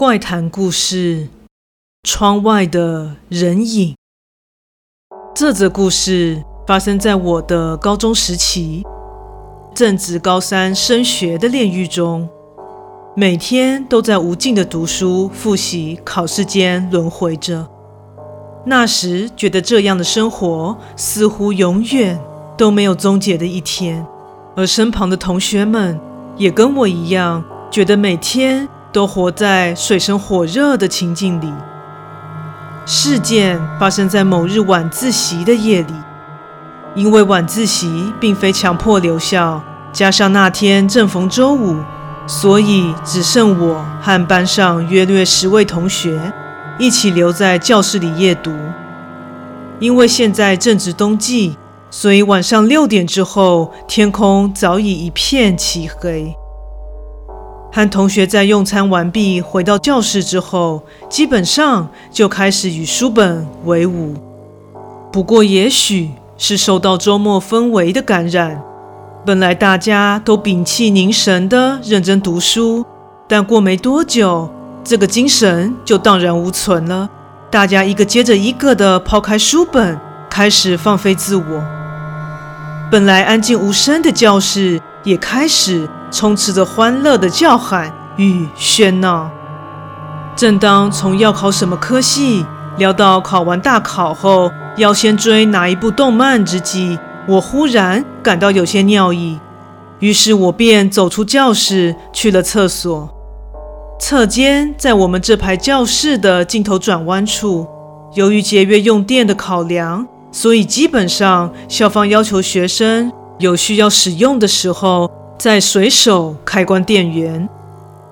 怪談故事：窗外的人影。這則故事發生在我的高中時期，正值高三升學的煉獄中，每天都在無盡的讀書、複習、考試間輪回着。那時覺得這樣的生活似乎永遠都沒有終結的一天，而身旁的同學們也跟我一樣，覺得每天都活在水深火熱的情境裡。事件發生在某日晚自習的夜裡，因為晚自習並非強迫留校，加上那天正逢週五，所以只剩我和班上約略十位同學一起留在教室裡夜讀。因為現在正值冬季，所以晚上六點之後，天空早已一片漆黑。和同學在用餐完畢回到教室之後，基本上就開始與書本為伍。不過，也許是受到週末氛圍的感染，本來大家都屏氣凝神的認真讀書，但過沒多久，這個精神就蕩然無存了。大家一個接着一個的拋開書本，開始放飛自我。本來安靜無聲的教室也開始充斥着歡樂的叫喊與喧鬧。正當從要考什麼科系聊到考完大考後要先追哪一部動漫之際，我忽然感到有些尿意，於是我便走出教室去了廁所。廁間在我們這排教室的盡頭轉彎處，由於節約用電的考量，所以基本上校方要求學生有需要使用的時候。在隨手開關電源，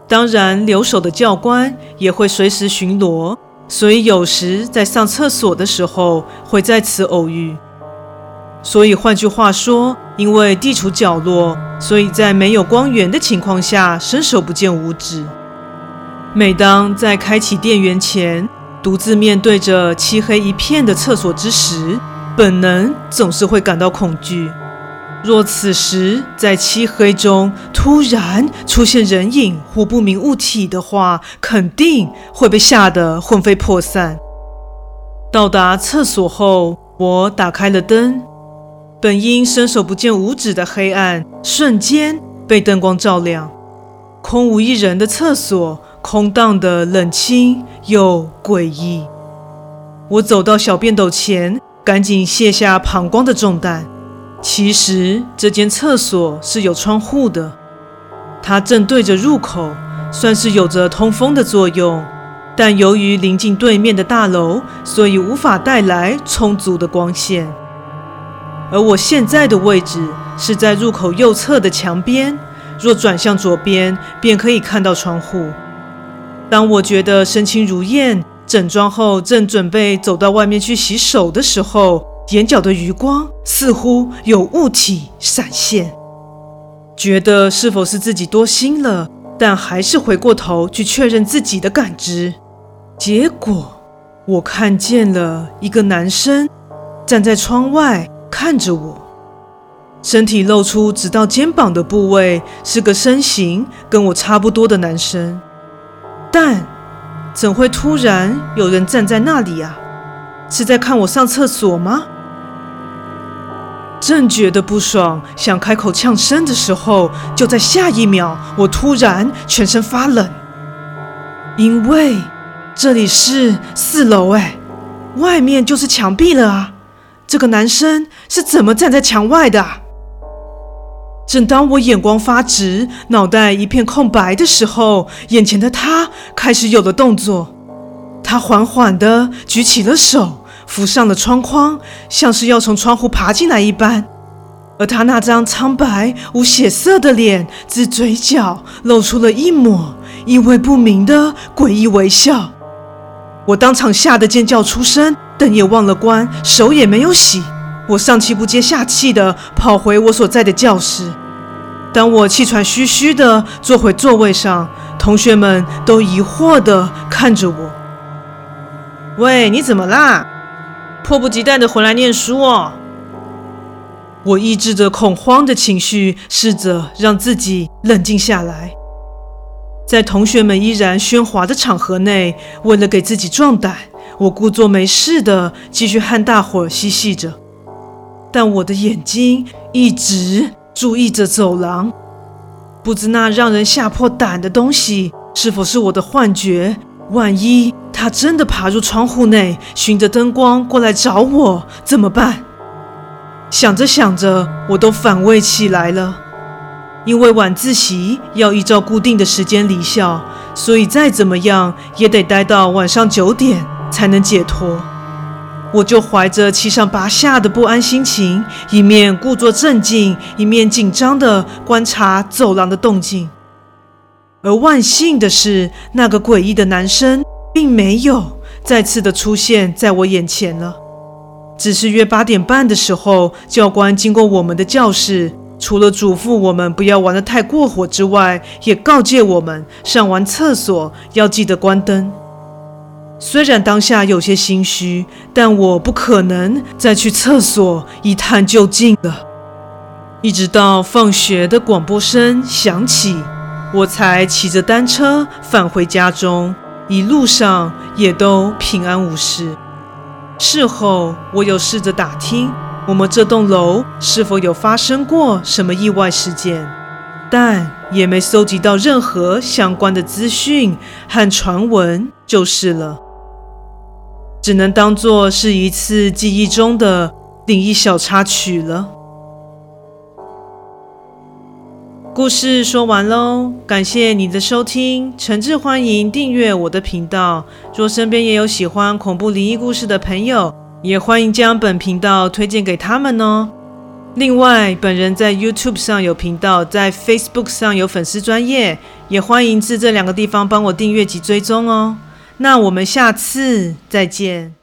當然留守的教官也會隨時巡邏，所以有時在上廁所的時候會在此偶遇。所以換句話說，因為地處角落，所以在沒有光源的情況下伸手不見五指。每當在開啟電源前，獨自面對着漆黑一片的廁所之時，本能總是會感到恐懼。若此時在漆黑中突然出現人影或不明物體的話，肯定會被嚇得魂飛魄散。到達廁所後，我打開了燈，本應伸手不見五指的黑暗瞬間被燈光照亮。空無一人的廁所，空蕩的冷清又詭異。我走到小便斗前，趕緊卸下膀胱的重擔。其實這間廁所是有窗戶的，它正對着入口，算是有着通風的作用，但由於臨近對面的大樓，所以無法帶來充足的光線。而我現在的位置是在入口右側的牆邊，若轉向左邊，便可以看到窗戶。當我覺得身輕如燕，整裝後正準備走到外面去洗手的時候。眼角的餘光似乎有物體閃現，覺得是否是自己多心了，但還是回過頭去確認自己的感知。結果，我看見了一個男生站在窗外看着我，身體露出直到肩膀的部位，是個身形跟我差不多的男生，但怎會突然有人站在那裡啊？是在看我上廁所嗎？正覺得不爽，想開口嗆聲的時候，就在下一秒，我突然全身發冷，因為這裡是四樓哎，外面就是牆壁了啊！這個男生是怎麼站在牆外的？正當我眼光發直，腦袋一片空白的時候，眼前的他開始有了動作，他緩緩地舉起了手。扶上了窗框，像是要從窗戶爬進來一般。而他那張蒼白無血色的臉，自嘴角露出了一抹意味不明的詭異微笑。我當場嚇得尖叫出聲，燈也忘了關，手也沒有洗。我上氣不接下氣地跑回我所在的教室。當我氣喘吁吁地坐回座位上，同學們都疑惑地看着我。喂，你怎麼啦？迫不及待地回來念書哦！我抑制着恐慌的情緒，試着讓自己冷靜下來。在同學們依然喧嘩的場合內，為了給自己壯膽，我故作沒事的繼續和大夥嬉戲着。但我的眼睛一直注意着走廊，不知那讓人嚇破膽的東西是否是我的幻覺？萬一……他真的爬入窗戶內，循着燈光過來找我，怎麼辦？想着想着，我都反胃起來了。因為晚自習要依照固定的時間離校，所以再怎麼樣也得待到晚上九點才能解脫。我就懷着七上八下的不安心情，一面故作鎮靜，一面緊張地觀察走廊的動靜。而萬幸的是，那個詭異的男生。並沒有再次的出現在我眼前了。只是約八點半的時候，教官經過我們的教室，除了囑咐我們不要玩得太過火之外，也告誡我們上完廁所要記得關燈。雖然當下有些心虛，但我不可能再去廁所一探究竟了。一直到放學的廣播聲響起，我才騎着單車返回家中。一路上也都平安無事。事後，我有試着打聽我們這棟樓是否有發生過什麼意外事件，但也沒蒐集到任何相關的資訊和傳聞，就是了。只能當做是一次記憶中的靈異小插曲了。故事說完嘍，感謝你的收聽，誠摯歡迎訂閱我的頻道。若身邊也有喜歡恐怖靈異故事的朋友，也歡迎將本頻道推薦給他們哦。另外，本人在 YouTube 上有頻道，在 Facebook 上有粉絲專頁，也歡迎至這兩個地方幫我訂閱及追蹤哦。那我們下次再見。